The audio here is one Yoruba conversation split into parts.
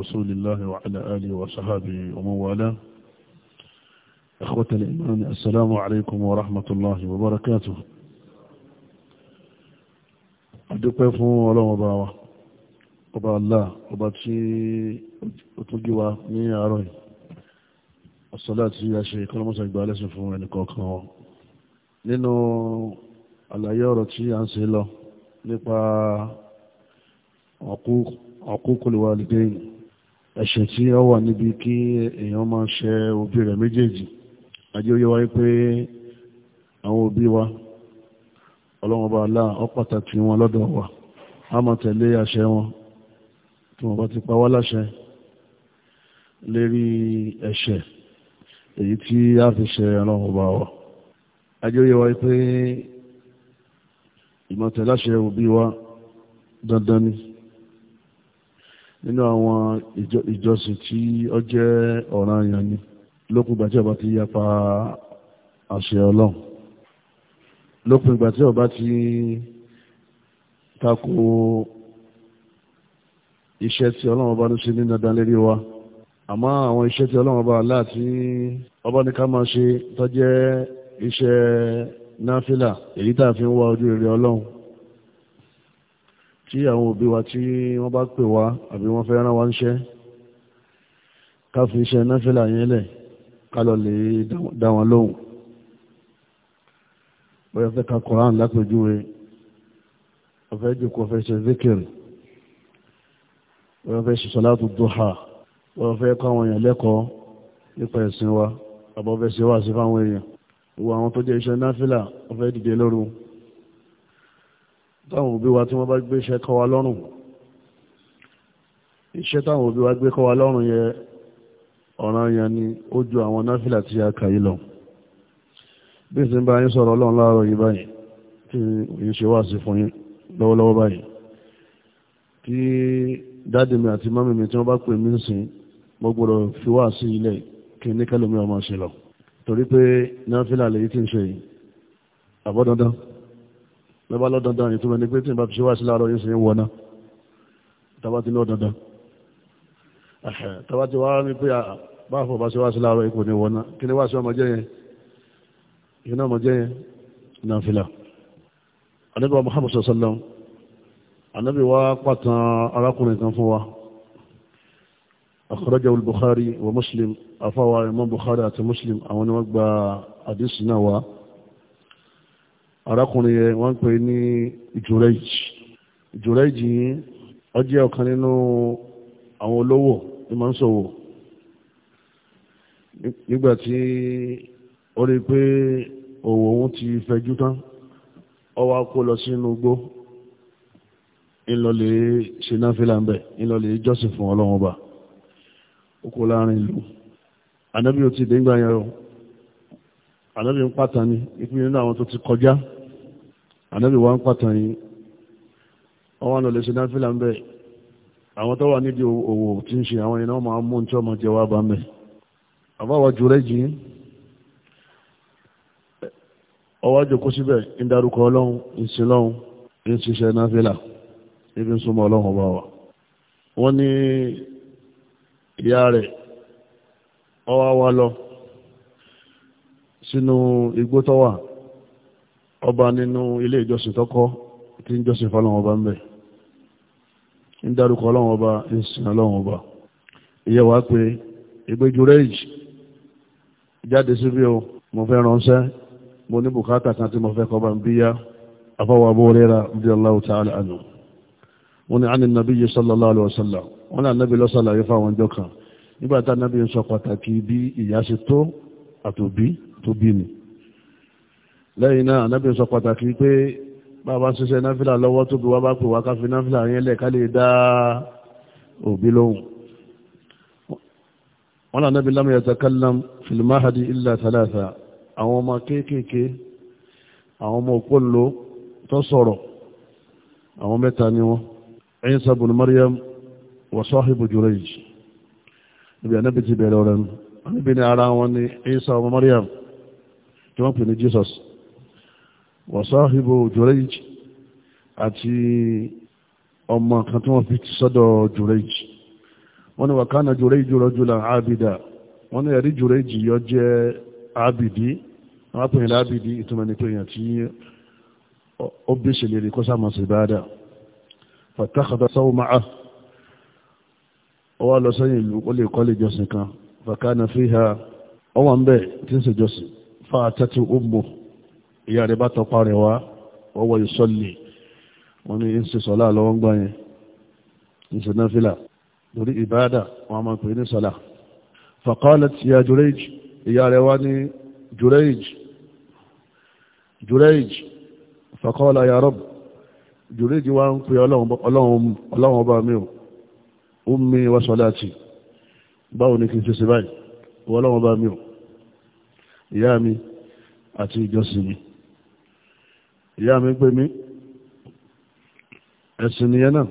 رسول الله وعلى آله وصحابه ومن والاه أخوة الإيمان السلام عليكم ورحمة الله وبركاته أدوكي فون ولا مباوة ọba Allah ọba tí ó tún jí wa ní àárọ̀ yìí ọ̀sọ́lá tí a ṣe kọ́lọ́mọ́sá ìgbà lẹ́sìn fún ẹnì kọ̀ọ̀kan wọn nínú àlàyé ọ̀rọ̀ tí a ń ṣe lọ nípa ọ̀kú kòlùwà lìdẹ́yìn ẹ̀ṣẹ̀ tí ó wà níbi kí èèyàn máa ṣe òbí rẹ̀ méjèèjì àjẹ́ òye wáyé pé àwọn òbí wa ọlọ́run ọba aláà ọ pàtàkì wọn lọ́dọ̀ wa a máa tẹ̀lé àṣẹ wọn tí wọ́n bá ti pa wá láṣẹ lérí ẹ̀ṣẹ̀ èyí tí a fi ṣe ọlọ́run wa àjẹ́ òye wáyé pé ìmọ̀tẹ̀láṣẹ òbí wa dandan ni nínú àwọn ìjọsìn tí ó jẹ́ ọ̀ranyàn ni lókun ìgbà tí ọba ti yapa àṣẹ ọlọ́run lókun ìgbà tí ọba ti tako iṣẹ́ tí ọlọ́run ọba ń ṣe ní dandan lérí wa àmọ́ àwọn iṣẹ́ tí ọlọ́run ọba láti ọba ní ká máa ṣe tó jẹ́ iṣẹ́ náfìlà èyí tá a fi ń wá ojú rere ọlọ́run tí àwọn òbí wa tí wọ́n bá pè wá àbí wọ́n fẹ́ rán wa ń ṣẹ́ ká fi iṣẹ́ náfìlà yẹn lẹ̀ ká lọ lè dá wọn lóhùn bóyá fẹ́ ka koran lápèjúwe ọ̀fẹ́ jòkó fẹ́ ṣe zikiri bóyá fẹ́ ṣe sọláàtù duha bóyá fẹ́ kọ́ àwọn èèyàn lẹ́kọ̀ọ́ nípa ẹ̀sìn wa àbọ̀fẹ́ ṣe wá sí fáwọn èèyàn ìwọ àwọn tó jẹ́ iṣẹ́ náfìlà ọ̀fẹ́ dìde lóru táwọn òbí wa tí wọ́n bá gbé iṣẹ́ kọ́ wa lọ́rùn iṣẹ́ táwọn òbí wa gbé kọ́ wa lọ́rùn yẹ ọ̀ràn yẹn ni ó ju àwọn náfìlà tí a kà yìí lọ bí sì ń bá yín sọ̀rọ̀ ọlọ́run láàárọ̀ yìí báyìí tí òyìn ṣe wá sí fún yín lọ́wọ́lọ́wọ́ báyìí kí dáàdì mi àti mọ́mí mi tí wọ́n bá pè mí sìn mo gbọ́dọ̀ fi wá sí ilẹ̀ kí ní kẹ́lòmí ọmọ ṣe lọ torí pé náfìlà lèyí tí ń ṣe yìí àbọ̀dandan lọ́ba lọ́dandan ìtumọ̀ ní pé tí ìbá fi ṣe wá sí láàárọ̀ yóò ṣe ń wọná tàbá ti lọ́ dandan tàbá ti wá ní pé ah, báfọ̀ bá ṣe wá sí láàárọ̀ ipò ní wọná kí ni wá sí ọmọ jẹ́yẹn iná ọmọ jẹ́yẹn nàfìlà anábì wa Muhammad sallam anábì wa pàtàn arákùnrin kan fún wa akhrajahu al wa Muslim afáwa imam Bukhari àti Muslim àwọn ni wọ́n gba àdìsí náà wa arákùnrin yẹn wọ́n ń pè ní ìjòrẹ́jì ìjòrẹ́jì yìí ó jẹ́ ọ̀kan nínú àwọn olówó ní máa ń ṣòwò nígbà tí ó rí i pé òwò òun ti fẹjú tán ó wá kó lọ sínú igbó ńlọlẹ̀ ṣe náfìlà ń fún ọlọ́run ọba ó kó láàrin ìlú ànábì ò ti dé ńgbà yẹn o ànábì ń pàtàkì ìpínlẹ̀ àwọn tó ti kọjá ànábì wa ń pàtàn yìí ọwọ́ àná lè ṣe náfìlà ń bẹ̀ àwọn tó wà nídìí òwò tí ń ṣe àwọn iná máa mú tí ọmọ jẹ wá bá ń bẹ̀ àbáwá jù rẹ̀ jì ọwọ́ àjòkó síbẹ̀ ń darúkọ ọlọ́run ń sin lọ́run ń ṣiṣẹ́ náfìlà ibi ń súnmọ́ ọlọ́run ọba wa wọ́n ní ìyá rẹ̀ ọwọ́ wa lọ sínú igbó tó wà ọba nínú ilé ìjọsìn tọ́kọ́ tí ń jọsìn fọ́lọ́wọ́n ọba ń bẹ̀ ń dárúkọ ọlọ́wọ́n ọba ń sìn ọlọ́wọ́n ọba ìyẹ́ wàá pé ìgbéjú rẹ́ẹ̀jì jáde síbí o mo fẹ́ ránṣẹ́ mo ní bùkátà kan tí mo fẹ́ kọ́ bá ń bíyá afọwọ́ abúrẹ́ra bí aláwọ̀ ta'ala àná wọ́n ní àní nàbí yìí sallallahu alaihi wasallam wọ́n náà nàbí lọ́sọ̀lá yìí fáwọn ọjọ́ kan nígbà tá nàbí ń sọ pàtàkì bí ìyá ṣe tó àtòbí tó bí ni lẹ́yìn náà anábì sọ pàtàkì pé bàbá ṣiṣẹ́ náfìlà lọ́wọ́ tóbi wá bá pè wá káfí náfìlà yẹn lẹ̀ ká lè dá òbí lóhùn wọ́n náà nábì lámì yatakallam fil mahadi illa thalatha àwọn ọmọ kéékèèké àwọn ọmọ òpónlò tó sọ̀rọ̀ àwọn mẹ́ta ni wọ́n Isa ibn Maryam wa sahibu Jurayj níbi anábì ti bẹ̀rẹ̀ ọ̀rẹ́ níbi ni ara wọn ni Isa ọmọ Maryam tí wọ́n pè ní Jesus wọ̀sáhìbò jùrẹ́jì àti ọmọ kan tí wọ́n fi ti sọ́dọ̀ jùrẹ́jì wọ́n ní wàkánà jùrẹ́jì rọ́jùlá ábìdà wọ́n ẹ̀rí yọ jẹ́ ábìdí wọ́n ábìdí ìtumọ̀ ní pèyàn tí ó bí ṣe lè rí kó sáàmà sí báadà fàtàkàtà sáwọ́ máa lọ sẹ́yìn ìlú ó lè kọ́ lè jọsìn kan fàkánà fíhà tí ń ó ìyá rẹ̀ bá tọpa rẹ̀ wá ọwọ́ ìsọ́lẹ̀ wọ́n ní ń ṣe sọ́lá lọ́wọ́ ń gbá yẹn ìṣe náfìlà lórí ìbáàdà wọn máa pè ní sọ́lá faqalat ya Jurayj ìyá rẹ̀ wá ní Jurayj Jurayj faqala ya Rabb Jurayj wá ń pè ọlọ́run ọba mi ò ummi wa salati báwo ni kí n ṣe báyìí ọlọ́run ọba mi ò ìyá mi àti ìjọsìn mi ìyá mi pè mí ẹ̀sìn nìyẹn náà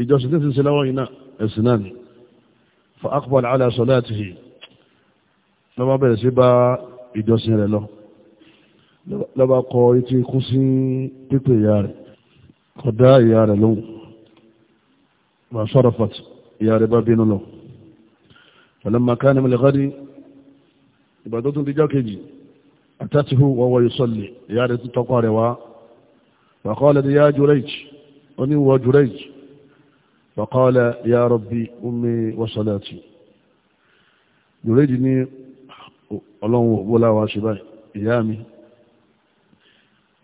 ìjọsìn tí ń ṣe láwọn yìí náà ẹ̀sìn náà ni fa aqbala ala salatihi lọ́ba bẹ̀rẹ̀ sí bá ìjọsìn rẹ̀ lọ lọ́ba kọ etí kú sí pípé ìyá rẹ̀ kọ̀dá ìyá rẹ̀ lóhùn ma sarafat ìyá rẹ̀ bá bínú lọ falamma kana min ìbàdó tún ti jákèjì àtàtìhù wọ́wọ́ yusalli ìyá rẹ̀ tó tọ́kọ rẹ̀ wá faqalat ya Jurayj oníwọ̀ Jurayj faqala ya rabbi ummi wa salati Jurayj ní ọlọ́run ògbólá wa ṣe báyìí ìyá mi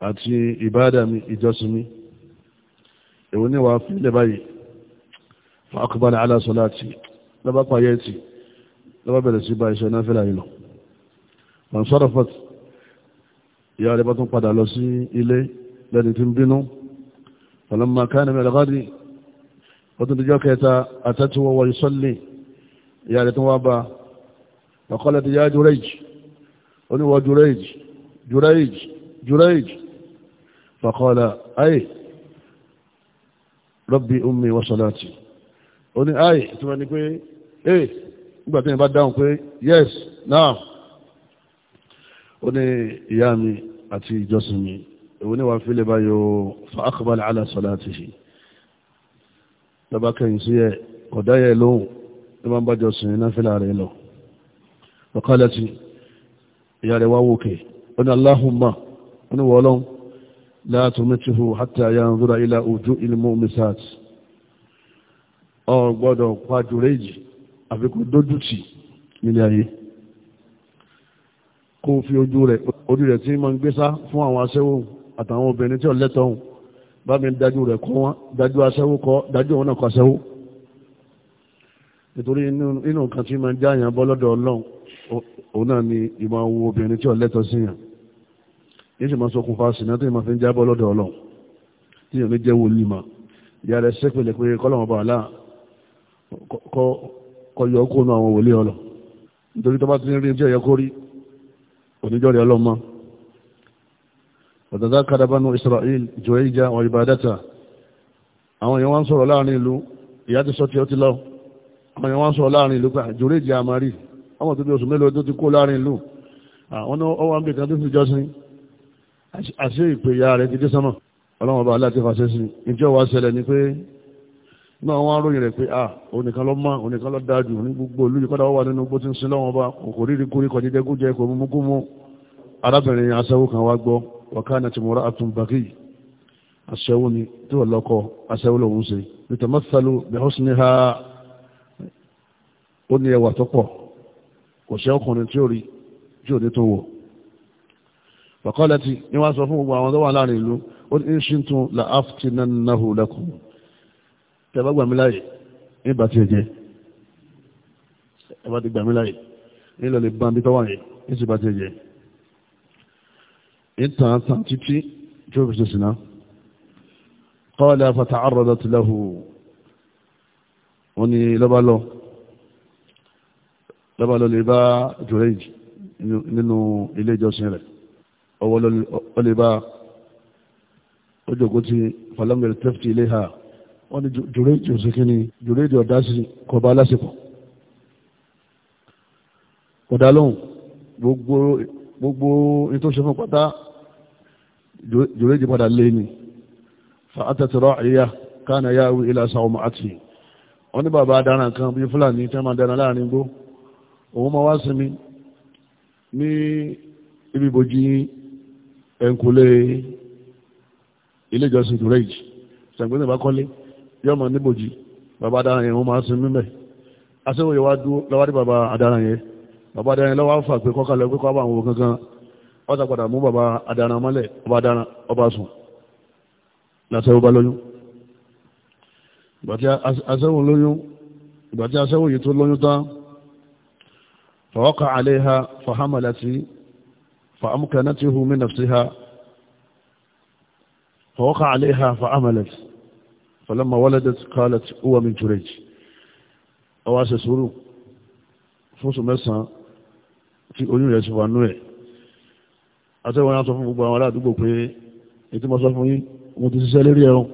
àti ìbádà mi ìjọsìn mi èwo ní wàá fi ilẹ̀ báyìí fa aqbala ala salati lọ́bá pàyẹ́ ti lọ́bá bẹ̀rẹ̀ sí bá iṣẹ́ náà fẹ́lá yìí lọ wọ́n sọ́rọ̀ fọ́tí ìyá rẹ̀ bá tún padà lọ sí ilé lẹ́ni tí ń bínú ọlọ́mọ káàní mẹ́rin gádì ó tún dijọ́ kẹta àtẹ́tíwọ́ wọ ìsọ́lẹ̀ ìyá rẹ̀ tún wá bá ọ̀kọ́lẹ̀ ti yá jùrẹ́jì ó ní wọ jùrẹ́jì jùrẹ́jì jùrẹ́jì fọ̀kọ́lẹ̀ ayé rọ́bì ummi wa salati ó ní ayé tí wọ́n ní pé ee eh, nígbà tí wọ́n bá dáhùn pé yes now ó ní ìyá mi àti ìjọsìn mi èwo ní wàá fílẹ̀ báyọ̀ fa aqbala ala salatihi lọ́ba kẹ́yìn sí ẹ̀ ọ̀dá yẹ lóhùn ló máa ń bá jọsìn iná fílà rẹ̀ lọ ọ̀kálẹ̀ ti ìyá rẹ̀ wá wòkè ó ní Allahumma ó ní wọ́ọ́lọ́n la tumituhu hatta yanzura ila wujuhil mu'minat ọ̀ gbọ́dọ̀ pàjùrẹ́jì àfikún dójútì nílé ayé kó fi ojú rẹ̀ ojú rẹ̀ tí ma ń gbésá fún àwọn aṣẹ́wó àtàwọn obìnrin tí ó lẹ́tọ̀ọ́hùn bá mi dájú rẹ̀ kọ́ wọn dájú aṣẹ́wó kọ́ dájú wọn náà kọ́ aṣẹ́wó nítorí inú nǹkan tí ma ń jáyàn bọ́ lọ́dọ̀ ọlọ́run òun náà ni ìmọ̀ owó obìnrin tí ó lẹ́tọ̀ọ́ sí yàn yìí sì máa sọkùn fa sínú tí ma fi ń jábọ́ lọ́dọ̀ ọlọ́run tí yàn ní jẹ́ wòlíì ma ìyá rẹ̀ sẹ́pẹ̀lẹ̀ pé kọ́lọ́mọ̀ bàálà oníjọ́rẹ̀ ọlọ́mọ ọ̀dọ̀dá kadàbánu Israel Juwaija wọ ìbádátà àwọn èèyàn wọ́n sọ̀rọ̀ láàrin ìlú ìyá ti sọ tí ó ti lọ àwọn èèyàn wọ́n sọ̀rọ̀ láàrin ìlú pé ah, Juwaija àmàrí ọmọ tó bí oṣù mélòó tó ti kó láàrin ìlú àwọn ọwọ́ àmì kan tó fi jọ́sìn àṣẹ ìpè ìyá rẹ̀ ti dé sánmà ọlọ́mọba aláàtí ìjọ wa ṣẹlẹ̀ ni pé náà wọ́n ròyìn rẹ̀ pé à ah, onìkan lọ máa onìkan lọ dájú ní gbogbo olú ìkọ́dá wà nínú bó ti ń sin lọ́wọ́n bá kò rí kórí kọ̀ jíjẹ kó jẹ kò mú kú mú arábìnrin aṣẹ́wó kan wá gbọ́ wàkánà ti mọ́ra àtúnbàkì aṣẹ́wó ni tí wọ́n lọ́kọ aṣẹ́wó lòun ṣe nítamasalu bihusniha ó ní ẹwà tó pọ̀ kò ṣe ọkùnrin tí ó rí tí ò ní tó wọ̀ wàkọ́lẹ́tì ni wọ́n sọ fún gbogbo àwọn tó wà láàrin ìlú ó ní ṣíntun tẹ́bá gbà mí láyè nígbà tí ẹ jẹ́ ẹbá ti gbà mí láyè nílò lè bá mi tọ́wà yẹn ní sì bá ti jẹ́ ìtàn tàn títí tí ó fi ṣe sìnà qala fata'arradat lahu wọ́n ní lọ́bálọ́ lọ́bálọ́ lè bá jùrẹ́jì nínú ilé ìjọsìn rẹ̀ ọwọ́ lè bá ó jòkó ti falam yaltafit ilayha wọ́n ní jùrẹ́ ìjì òsìkí ni jùrẹ́ ìjì ọ̀dá sí kọba lásìkò ọ̀dá lóhùn gbogbo ètò ṣe fún pátá jùrẹ́ ìjì padà lé ní fàátàtìrọ̀ àríyá káàna yá wí ilá sàwọn àti wọ́n ní bàbá dára kan bí fúlàní tẹ́ máa dára láàrin gbó òun máa wá sinmi ní ibi ìbòjì ẹ̀ǹkùlé ilé ìjọsìn jùrẹ́ ìjì sàgbẹ́sẹ̀ bá kọ́lé yọmọ mọ̀ bàbá adara yẹn máa sin mímẹ̀ aṣẹ́wò yẹn dúró bàbá adara bàbá adara yẹn lọ́wọ́ pé pé bá kankan ọ̀tà padà mú bàbá adáran mọ́lẹ̀ ọba adáran ọba sùn làṣẹ́wò bá lóyún ìgbàtí lóyún ìgbàtí yìí tó lóyún tán fọwọ́kà fọwọ́kà فلما ولدت قالت هو من جريج ọwọ́ aṣẹ sùúrù fún sùn mẹ́sàn-án tí oyún rẹ̀ sì wà nú ẹ̀ àtẹ́wọ̀n yá sọ fún gbogbo àwọn aládùúgbò pé ètí mọ́ sọ fún yí mo ti ṣiṣẹ́ lérí ẹ̀rùn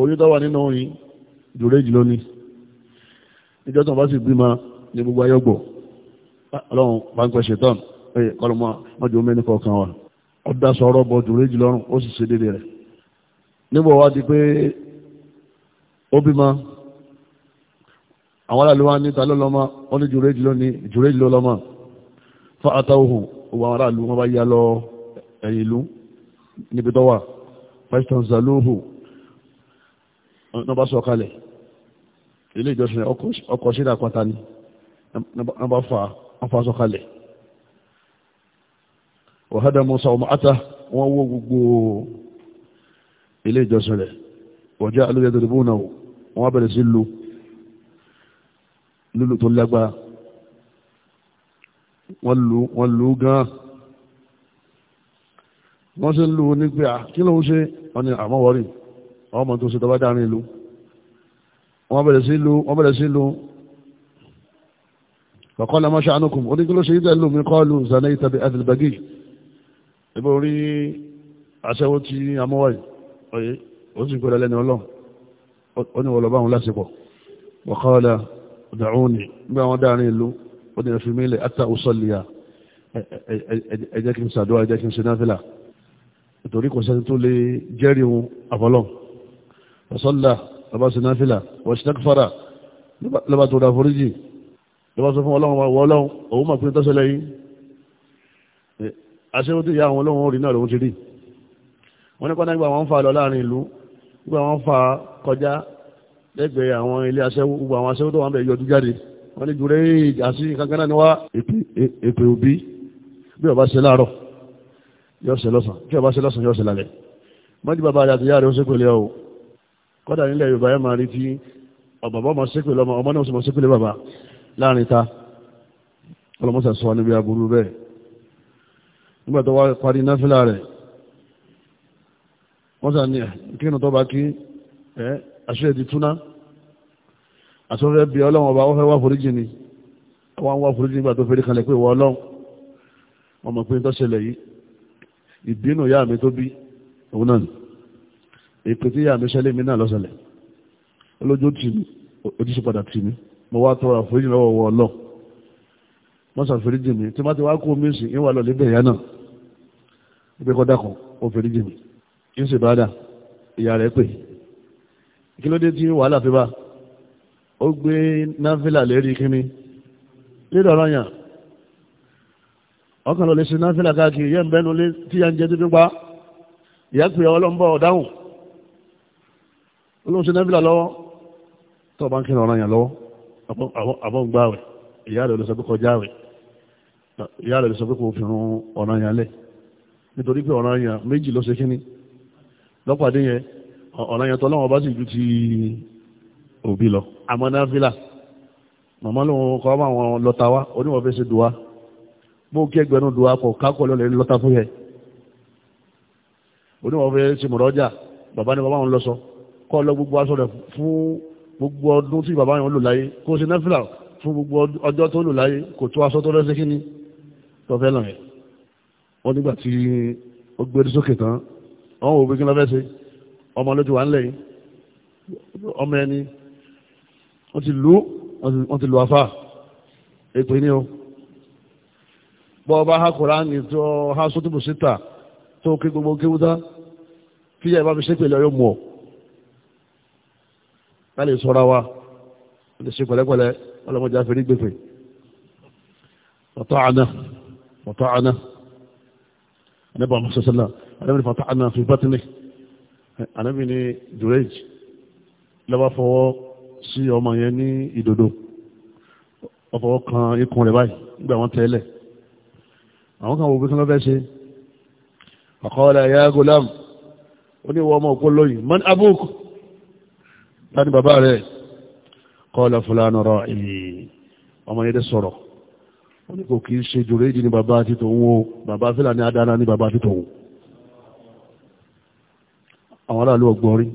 oyún tó wà nínú orin jùrẹ́jì lónìí níjọ́ tó bá sì bímọ ní gbogbo ayọ́gbọ̀ ọlọ́run bá ń pẹ́ ṣetán kọlọmọ mọ́jọ́ mẹ́ni kọ̀ọ̀kan wa ó dá sọ ọ̀rọ̀ bọ jùrẹ́jì lọ́rùn ó sì ṣe déédéé rẹ̀ níbo wá di pé ó bímọ àwọn aráàlú wa níta ló lọ́mọ ó ní jùrèjì lónìí jùrèjì ló lọ́mọ fún àtàwòhùn òwò àwọn aráàlú wọn bá yá lọ ẹ̀yìn ìlú níbi tó wà pẹ́sítọ̀n zalóhù nọba sọ̀kalẹ̀ ilé ìjọsìn ọkọ̀ sílẹ̀ àpáta ni nọba fa sọ̀kalẹ̀ ọ̀hádà musa ọmọ ata wọ́n wó gbogbo ilé ìjọsìn rẹ̀ wọ̀já alóyẹ̀dọ̀dọ̀bù náà wọ́n bẹ̀rẹ̀ sí lu lulu tó lágbára wọ́n lu wọ́n lu gan-an wọ́n ṣe ń lu nígbà kí ló ń ṣe wọ́n ní àmọ́wọ́rì àwọn ọmọ tó ṣe tọ́ba dárin ìlú wọ́n bẹ̀rẹ̀ sí lu wọ́n bẹ̀rẹ̀ sí lu kọ̀kọ́ lọ́mọ́ ṣàánúkùn oníkúlọ́ ṣe ìdẹ́lù mi kọ́ lu zanayta bi adìlbagi ìbò rí aṣẹ́wó ti amọ́wọ́rì ọyẹ ó sì gbọ́dọ̀ lẹ́nu ọlọ́run ó ní wọ́n lọ bá wọn lásìkò wàkọ́ọ̀dà ọ̀dàrúnì nígbà wọn dáàrin ìlú ó ní ẹ̀fí mílẹ̀ átà òsọ̀lìyà ẹ̀jẹ̀ kí n ṣàdúrà ẹ̀jẹ̀ kí n ṣe náfìlà nítorí kò sẹ́ni tó lè jẹ́rìí wọn àfọlọ́n ọ̀sọ́là lọ́ba ṣe náfìlà wọ́n ṣe náfìlà lọ́ba tó dà foríjì lọ́ba sọ fún ọlọ́run wọ́n ọlọ́run òun mà pín tọ́sẹ̀lẹ̀ yìí aṣẹ́wọ́n ti yá àwọn ọlọ́run orin náà lòun ti rí wọ́n ní kọ́nà gbà wọ́n ń fa lọ láàrin ìlú gbà wọ́n fa kọjá lẹ́gbẹ̀ẹ́ àwọn ilé aṣẹ́wó gbogbo àwọn aṣẹ́wó tó wọ́n bẹ̀ yọjú jáde wọ́n ní jùlẹ̀ ìjàsí kankan náà ni wá èpè òbí bí ọba ṣe láàárọ̀ yóò ṣe lọ́sàn bí ọba ṣe lọ́sàn yóò ṣe lálẹ́ mọ́jú bàbá àti ìyá rẹ̀ ó ṣépèlé ọ̀ kọ́dà nílẹ̀ Yorùbá ẹ̀ máa rí tí ọ̀bàbá ọmọ ṣépèlé wọ́n sàn ní ẹ̀ kí nù tó bá kí ẹ̀ àṣírí ti túná àti wọ́n fẹ́ bí ọlọ́run ọba wọ́n fẹ́ wá foríjì ni wọ́n wá foríjì nígbà tó fẹ́rí kalẹ̀ pé ìwọ ọlọ́run wọ́n mọ̀ pé tó ṣẹlẹ̀ yìí ìbínú ìyá mi tó bí òun náà ni èpè tí ìyá mi ṣẹlẹ̀ mi náà lọ́sẹ̀lẹ̀ olójú tì mí ojúṣe padà tì mí mo wá tọrọ àforíjì lọ́wọ́ wọ ọlọ́ wọ́n sàn foríjì mi tí wọ́n ti wá kó mi sìn ìwà lọ lébẹ̀ ìyá náà ìgbẹ́kọ̀dá kan ó foríjì mi ń ṣe bàdà ìyá rẹ̀ pè kí ló dé tí wàhálà fi bá ó gbé náfìlà lérí kíní lérí ọ̀rọ̀ yàn ọkàn lọ lè ṣe náfìlà káàkiri yẹn bẹ́nu lé tí yẹn ń jẹ́ títí pa ìyá pè ọlọ́mbọ̀ ọ̀dáhùn olóhùn ṣe náfìlà lọ́wọ́ tó bá ń kí ọ̀rọ̀ yàn lọ́wọ́ àbọ̀ǹgbà rẹ̀ ìyá rẹ̀ ló sọ pé kọjá rẹ̀ ìyá rẹ̀ ló sọ pé kò fi rún ọ̀rọ̀ yàn lẹ̀ nítorí pé ọ̀rọ̀ yàn méjì ló ṣe kíní lọ́pàdé yẹn ọ̀nà yẹn tọ́lọ́wọ́n bá sì ju ti òbí lọ àmọ́ náfìlà màmá lòun kọ́ bá wọn lọ́ta wá oníwọ̀n fẹ́ ṣe dùwà mú kí ẹgbẹ̀rún dùwà kọ̀ kákọ̀ lọ́lẹ̀ lọ́ta fún yẹn oníwọ̀n fẹ́ ṣe mọ̀rọ́jà bàbá ni bàbá wọn lọ sọ kọ́ lọ gbogbo aṣọ rẹ̀ fún gbogbo ọdún tí bàbá yẹn lò láyé kó ṣe náfìlà fún gbogbo ọjọ́ tó lò láyé kò tó aṣọ tó rẹ́sẹ̀ kí ni lọ́yẹ̀ wọ́n nígbà tí ó gbé e ọ̀hún òbí kí ló fẹ́ ṣe ọmọ ló ti wà ńlẹ̀ yìí ọmọ ẹni wọ́n ti lù wọ́n ti lù afá ètò ìní o bọ́ ọba ha Kùránì tó ha sótìbù síta tó kí gbogbo kéwúta kíyà ìbá fi ṣépè lọ́yọ́ mọ̀ ká lè sọ́ra wa lè ṣe pẹ̀lẹ́pẹ̀lẹ́ ọlọ́mọdé àfẹ́rí gbèfè ọ̀tọ̀ àná ọ̀tọ̀ àná ànábì àwọn sọ́sọ́lá ànábì ní fata àná fi bátìní ànábì ní durej lọ́wọ́ fọwọ́ sí ọmọ yẹn ní ìdodo ọfọwọ́ kan ikùn rẹ̀ báyìí nígbà wọn tẹ́lẹ̀ àwọn kan wo bí kí wọ́n fẹ́ ṣe àkọọ́lẹ̀ ya gulam ó ní ìwọ ọmọ òkú lóyìn abuk tani bàbá rẹ̀ kọ́ọ̀lẹ̀ fúlànà rọ̀ ìlì ọmọ yẹn dé sọ̀rọ̀ ó ní kò kí ń ṣe jòrèjì ní bàbá àti tòun o bàbá fúlàní adára ní bàbá àti tòun àwọn aráàlú ọgbọ́n rí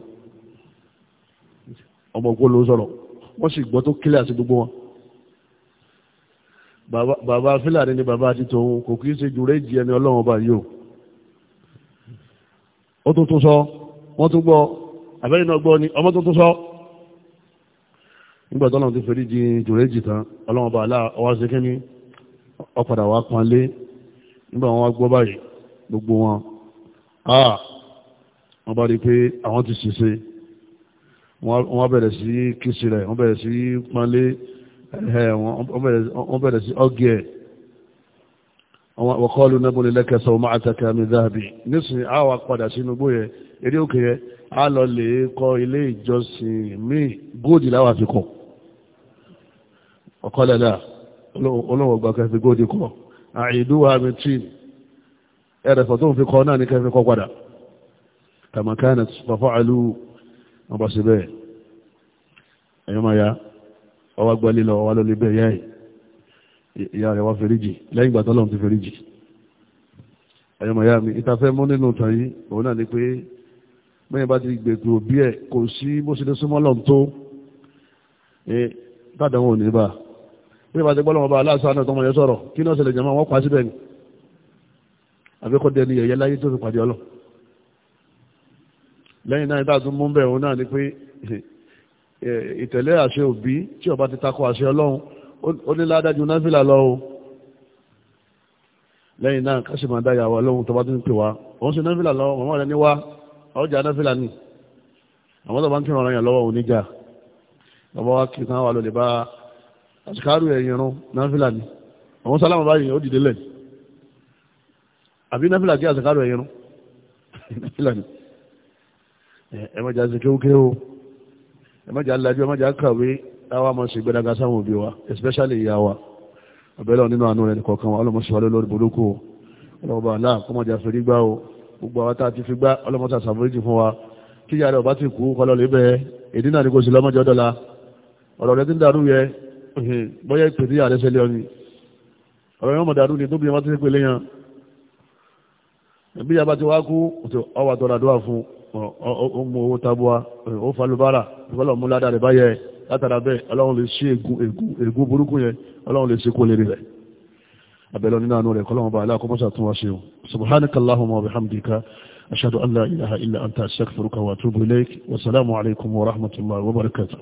ọmọ ogun ló sọ̀rọ̀ wọ́n sì gbọ́ tó kílẹ̀ àti gbogbo wọn bàbá fúlàní ní bàbá àti tòun kò kí ń ṣe jòrèjì ẹni ọlọ́run ọba yìí o ó tún tún sọ wọ́n tún gbọ́ àbẹ́yìn náà gbọ́ ni ọmọ tún tún sọ nígbà tó náà ti fèrè di jòrèjì tán ọlọ́run ọba aláà ọwọ́ ọ̀padà wá panlé nígbà wọn wá gbọ́ báyìí gbogbo wọn ah wọ́n bá rí pé àwọn ti ṣèṣe wọ́n bẹ̀rẹ̀ sí kìsì rẹ̀ wọ́n bẹ̀rẹ̀ sí panlé ẹ̀ wọ́n bẹ̀rẹ̀ sí ọ́gì ẹ̀ wọ́kọ́lù nẹ́bùnlé lẹ́kẹsọ̀ ọmọ àtàkà mi dáàbì nísìnyí àwọn padà sínú gbó yẹ eré òkè yẹ a lọ lè kọ́ ilé ìjọsìn míì góòdì láwàfikọ̀ ọ̀kọ́lẹ̀lá olóhùn ọgbà kẹfì góòdì kọ́ àìdúwà mẹtírìn ẹ̀rẹ̀fọ̀ tó ń fi kọ́ náà ní kẹfì kọ́ padà kàmàkánà fàfọ́ àlú wọn bá ṣe bẹ́ẹ̀ ẹ̀yọ́ máa ya ọwá gbalẹ̀ lọ wà lórí bẹ́ẹ̀ yáì ìyá rẹ̀ wá fèríjì lẹ́yìn ìgbà tọ́lọ́run ti fèríjì ẹ̀yọ́ máa ya mi ìtafẹ́ mú nínú tàn yìí òun náà ni pé mẹ́yìn bá ti gbègbè òbí ẹ̀ kò sí bó ṣe lè súnmọ́ lọ́n tó dáadáa wọn ò ní bá a bí ìbá ti gbọ́ lọ́wọ́ bá aláṣánà tó mọ̀ yẹn sọ̀rọ̀ kí ní ọ̀sẹ̀lẹ̀ jẹ̀mọ́ wọn pa síbẹ̀ ni àbíkọ́ dẹni yẹ̀yẹ láyé tó fi pàdé ọlọ́ lẹ́yìn náà ìdáàtún mú bẹ̀ òun náà ni pé ìtẹ̀lé àṣẹ òbí tí ó bá ti takò àṣẹ ọlọ́run ó ní ládájú náfìlà lọ o lẹ́yìn náà káṣí máa dáyà wà lóhun tó bá tún pè wá òun ṣe náfìlà lọ màmá rẹ ní wá ọjà náfìlà ni àwọn tó bá ń kírun ọ̀ràn yàn lọ́wọ́ òun níjà lọ́wọ́ kí kan wà lólè bá àsìkárù ẹ̀yìn irun náfìlà ni àwọn sálámà báyìí ó dìde lẹ̀ àbí náfìlà kí àsìkárù ẹ̀yìn irun náfìlà ni ẹ má jà ṣe kéwúkéwú ẹ má jà lajú ẹ má jà kàwé táwa máa ṣe gbẹdàgà sáwọn òbí wa especially ìyá wa ọ̀bẹ̀lẹ̀ nínú àánú rẹ̀ kọ̀ọ̀kan wa ọlọ́mọṣẹ́wálé lórí burúkú ọlọ́mọba aláà kọ́ mọ̀já fèrè gbá o gbogbo àwọn táà ti fi gbá ọlọ́mọṣẹ́ àṣàforíjì fún wa kí ìyá rẹ̀ ọba ti kú kọlọ́lẹ̀ bẹ́ẹ̀ èdè ni kò sí lọ́mọjọ́ dọ́la ọ̀rọ̀ rẹ̀ ti ń dàrú yẹ bọ́yá ìpè tí ààrẹ ṣẹlẹ̀ ọ̀nì ọ̀rọ̀ yẹn mọ̀dàrú ni tóbi wọn ti ṣe pèlè yan bí yaba ti wá kú ọwà tọ́ra dọ́wà fún ọmọ owó tabua ó falubára ìfọlọ́ mú ládàá rẹ̀ báyẹ̀ látara bẹ́ẹ̀ ọlọ́run lè ṣe ègún burúkú yẹn ọlọ́run lè ṣe kó lérí rẹ̀ abẹ́lẹ́ nínú àánú rẹ̀ kọ́lọ́run bá aláàkọ́ mọ́sà tún